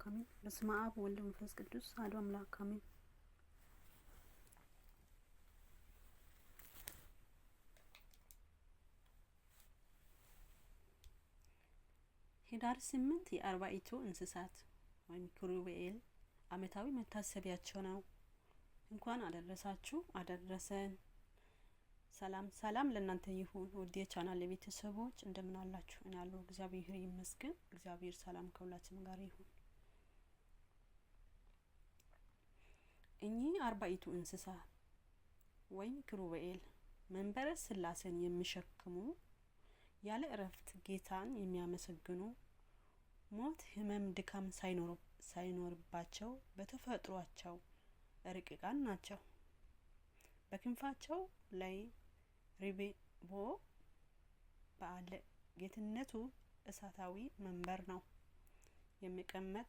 አምላክ አሜን። በስመ አብ ወወልድ ወመንፈስ ቅዱስ አሐዱ አምላክ አሜን። ህዳር ስምንት የአርባዕቱ እንስሳት ወይም ኪሩቤል አመታዊ መታሰቢያቸው ነው። እንኳን አደረሳችሁ አደረሰን። ሰላም ሰላም ለእናንተ ይሁን ውድ የቻናል የቤተሰቦች እንደምን አላችሁ? እኔ ያለሁ እግዚአብሔር ይመስገን። እግዚአብሔር ሰላም ከሁላችን ጋር ይሁን። እኚህ አርባኢቱ እንስሳ ወይም ኪሩቤል መንበረ ስላሴን የሚሸክሙ ያለ እረፍት ጌታን የሚያመሰግኑ ሞት፣ ህመም ድካም ሳይኖርባቸው በተፈጥሯቸው ርቅቃን ናቸው። በክንፋቸው ላይ ሪቤቦ በአለ ጌትነቱ እሳታዊ መንበር ነው የሚቀመጥ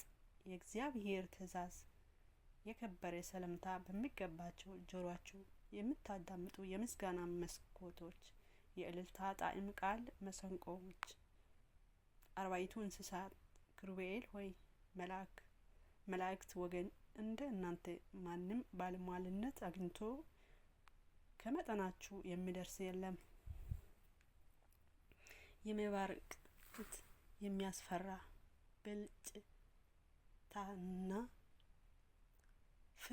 የእግዚአብሔር ትእዛዝ የከበረ ሰላምታ በሚገባቸው ጆሮአችሁ የምታዳምጡ የምስጋና መስኮቶች፣ የእልልታ ጣዕም ቃል መሰንቆዎች፣ አርባይቱ እንስሳት ክሩቤኤል ሆይ መልአክ መላእክት ወገን እንደ እናንተ ማንም ባለሟልነት አግኝቶ ከመጠናችሁ የሚደርስ የለም። የመባርቅት የሚያስፈራ ብልጭታና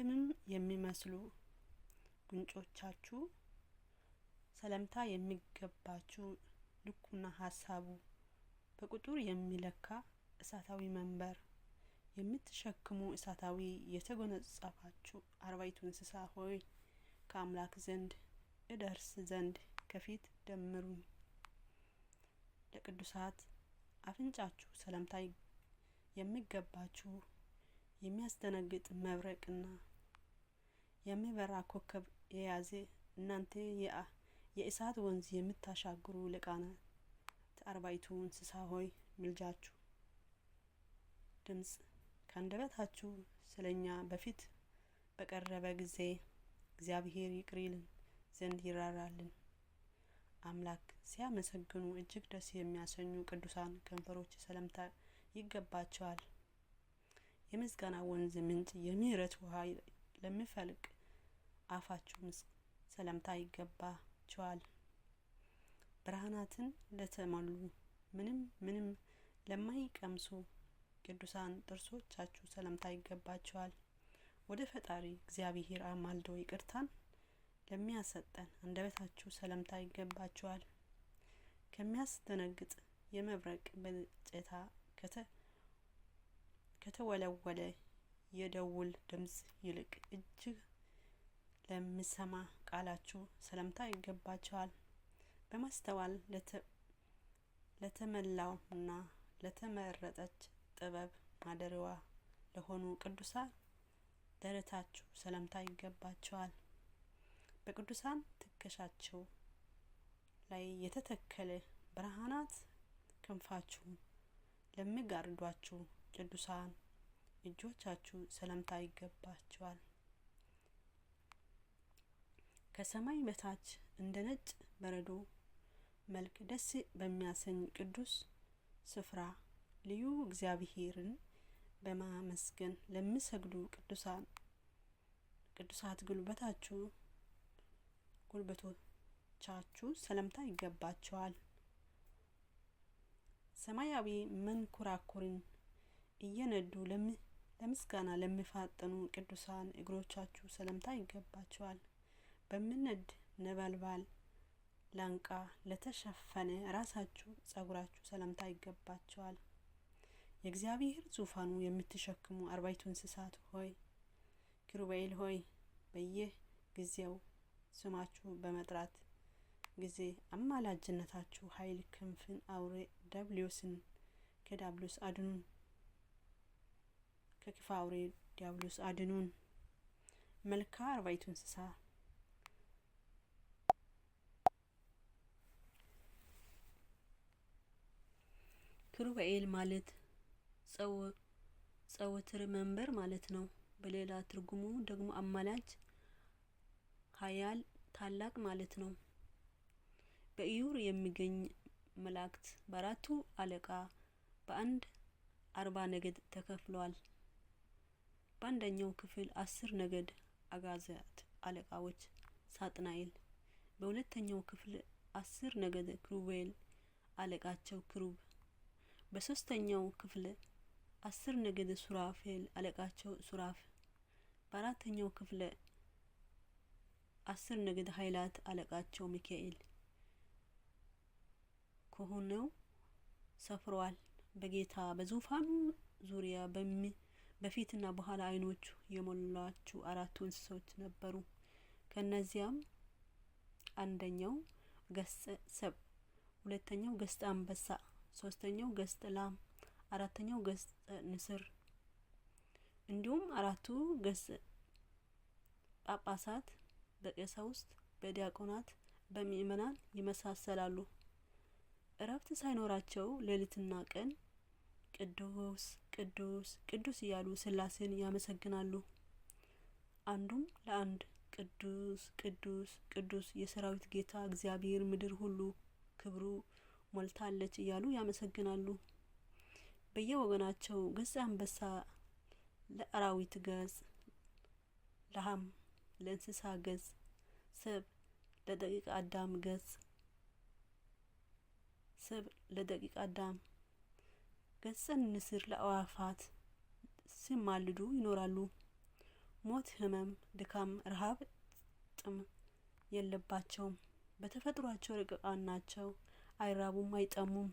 ፍምም የሚመስሉ ጉንጮቻችሁ ሰለምታ የሚገባችሁ ልኩና ሀሳቡ በቁጥር የሚለካ እሳታዊ መንበር የምትሸክሙ እሳታዊ የተጎነጻፋችሁ አርባይቱ እንስሳ ሆይ ከአምላክ ዘንድ እደርስ ዘንድ ከፊት ደምሩኝ። ለቅዱሳት አፍንጫችሁ ሰለምታ የሚገባችሁ የሚያስደነግጥ መብረቅና የሚበራ ኮከብ የያዘ እናንተ የእሳት ወንዝ የምታሻግሩ ልቃናት አርባይቱ እንስሳ ሆይ ምልጃችሁ ድምጽ ከአንደበታችሁ ስለኛ በፊት በቀረበ ጊዜ እግዚአብሔር ይቅሪልን ዘንድ ይራራልን። አምላክ ሲያመሰግኑ እጅግ ደስ የሚያሰኙ ቅዱሳን ከንፈሮች ሰላምታ ይገባቸዋል። የምስጋና ወንዝ ምንጭ የምህረት ውሃ ለሚፈልቅ አፋችሁ ሰላምታ ይገባችኋል። ብርሃናትን ለተሞሉ ምንም ምንም ለማይቀምሱ ቅዱሳን ጥርሶቻችሁ ሰላምታ ይገባችኋል። ወደ ፈጣሪ እግዚአብሔር አማልዶ ይቅርታን ለሚያሰጠን አንደበታችሁ ሰላምታ ይገባችኋል። ከሚያስደነግጥ የመብረቅ በጨታ ከተ ከተወለወለ የደውል ድምጽ ይልቅ እጅግ ለሚሰማ ቃላችሁ ሰላምታ ይገባቸዋል። በማስተዋል ለተመላውና ለተመረጠች ጥበብ ማደሪዋ ለሆኑ ቅዱሳን ደረታችሁ ሰላምታ ይገባቸዋል። በቅዱሳን ትከሻቸው ላይ የተተከለ ብርሃናት ክንፋችሁ ለሚጋርዷችሁ ቅዱሳን እጆቻችሁ ሰላምታ ይገባችኋል። ከሰማይ በታች እንደ ነጭ በረዶ መልክ ደስ በሚያሰኝ ቅዱስ ስፍራ ልዩ እግዚአብሔርን በማመስገን ለሚሰግዱ ቅዱሳን ቅዱሳት ጉልበታችሁ ጉልበቶቻችሁ ሰላምታ ይገባችኋል። ሰማያዊ መንኮራኩርን እየነዱ ለምስጋና ለሚፋጥኑ ቅዱሳን እግሮቻችሁ ሰላምታ ይገባቸዋል። በምነድ ነበልባል ላንቃ ለተሸፈነ ራሳችሁ ጸጉራችሁ ሰላምታ ይገባቸዋል። የእግዚአብሔር ዙፋኑ የምትሸክሙ አርባይቱ እንስሳት ሆይ ኪሩቤል ሆይ በየህ ጊዜው ስማችሁ በመጥራት ጊዜ አማላጅነታችሁ ኃይል ክንፍን አውሬ ደብሊዮስን ከዳብሊዮስ አድኑን ከክፉ አውሬ ዲያብሎስ አድኑን። መልካ አርባይቱ እንስሳ ክሩባኤል ማለት ጸወትር መንበር ማለት ነው። በሌላ ትርጉሙ ደግሞ አማላጅ፣ ኃያል፣ ታላቅ ማለት ነው። በኢዩር የሚገኝ መላእክት በአራቱ አለቃ በአንድ አርባ ነገድ ተከፍሏል። በአንደኛው ክፍል አስር ነገድ አጋዛት አለቃዎች ሳጥናኤል፣ በሁለተኛው ክፍል አስር ነገድ ክሩቤል አለቃቸው ክሩብ፣ በሶስተኛው ክፍል አስር ነገድ ሱራፌል አለቃቸው ሱራፍ፣ በአራተኛው ክፍል አስር ነገድ ኃይላት አለቃቸው ሚካኤል ከሆነው ሰፍረዋል። በጌታ በዙፋኑ ዙሪያ በሚ በፊትና በኋላ አይኖቹ የሞላችው አራቱ እንስሶች ነበሩ። ከእነዚያም አንደኛው ገስጠ ሰብ፣ ሁለተኛው ገስጠ አንበሳ፣ ሶስተኛው ገስጠ ላም፣ አራተኛው ገስጠ ንስር እንዲሁም አራቱ ገስጠ ጳጳሳት በቀሳውስት፣ በዲያቆናት፣ በምእመናን ይመሳሰላሉ። እረፍት ሳይኖራቸው ሌሊትና ቀን ቅዱስ ቅዱስ ቅዱስ እያሉ ስላሴን ያመሰግናሉ። አንዱም ለአንድ ቅዱስ ቅዱስ ቅዱስ የሰራዊት ጌታ እግዚአብሔር ምድር ሁሉ ክብሩ ሞልታለች እያሉ ያመሰግናሉ። በየወገናቸው ገጸ አንበሳ ለአራዊት ገጽ፣ ለሀም ለእንስሳ ገጽ፣ ስብ ለደቂቅ አዳም ገጽ ስብ ለደቂቅ አዳም ገጸን ንስር ለአዋፋት ሲማልዱ ይኖራሉ። ሞት፣ ህመም ድካም፣ ረሃብ ጥም የለባቸውም። በተፈጥሯቸው ርቅቃን ናቸው። አይራቡም፣ አይጠሙም።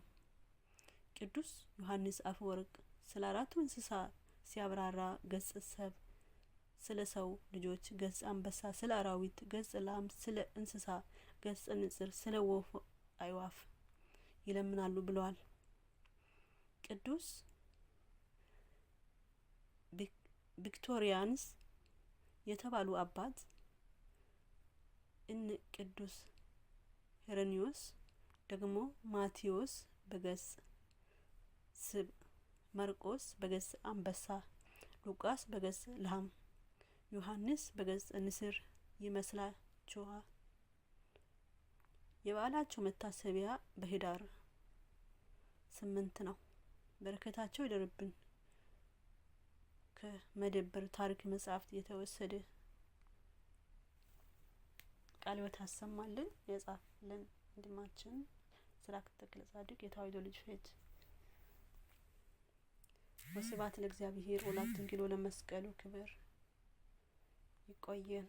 ቅዱስ ዮሐንስ አፈወርቅ ስለ አራቱ እንስሳ ሲያብራራ ገጽ ሰብ ስለ ሰው ልጆች፣ ገጽ አንበሳ፣ ስለ አራዊት፣ ገጽ ላም፣ ስለ እንስሳ፣ ገጽ ንጽር፣ ስለ ወፍ አይዋፍ ይለምናሉ ብለዋል። ቅዱስ ቪክቶሪያንስ የተባሉ አባት እን ቅዱስ ሄሬኒዮስ ደግሞ ማቴዎስ በገጽ ስብ፣ መርቆስ በገጽ አንበሳ፣ ሉቃስ በገጽ ላም፣ ዮሐንስ በገጽ ንስር ይመስላችኋል። የበዓላቸው መታሰቢያ በህዳር ስምንት ነው። በረከታቸው ይደርብን። ከመደብር ታሪክ መጽሐፍት የተወሰደ ቃል ሕይወት አሰማልን። የጻፈልን ወንድማችን ስብሐት ተክለ ጻድቅ የታዊዶ ልጅ ፌት ወስብሐት ለእግዚአብሔር ወለወላዲቱ ድንግል ወለመስቀሉ ክብር። ይቆየን።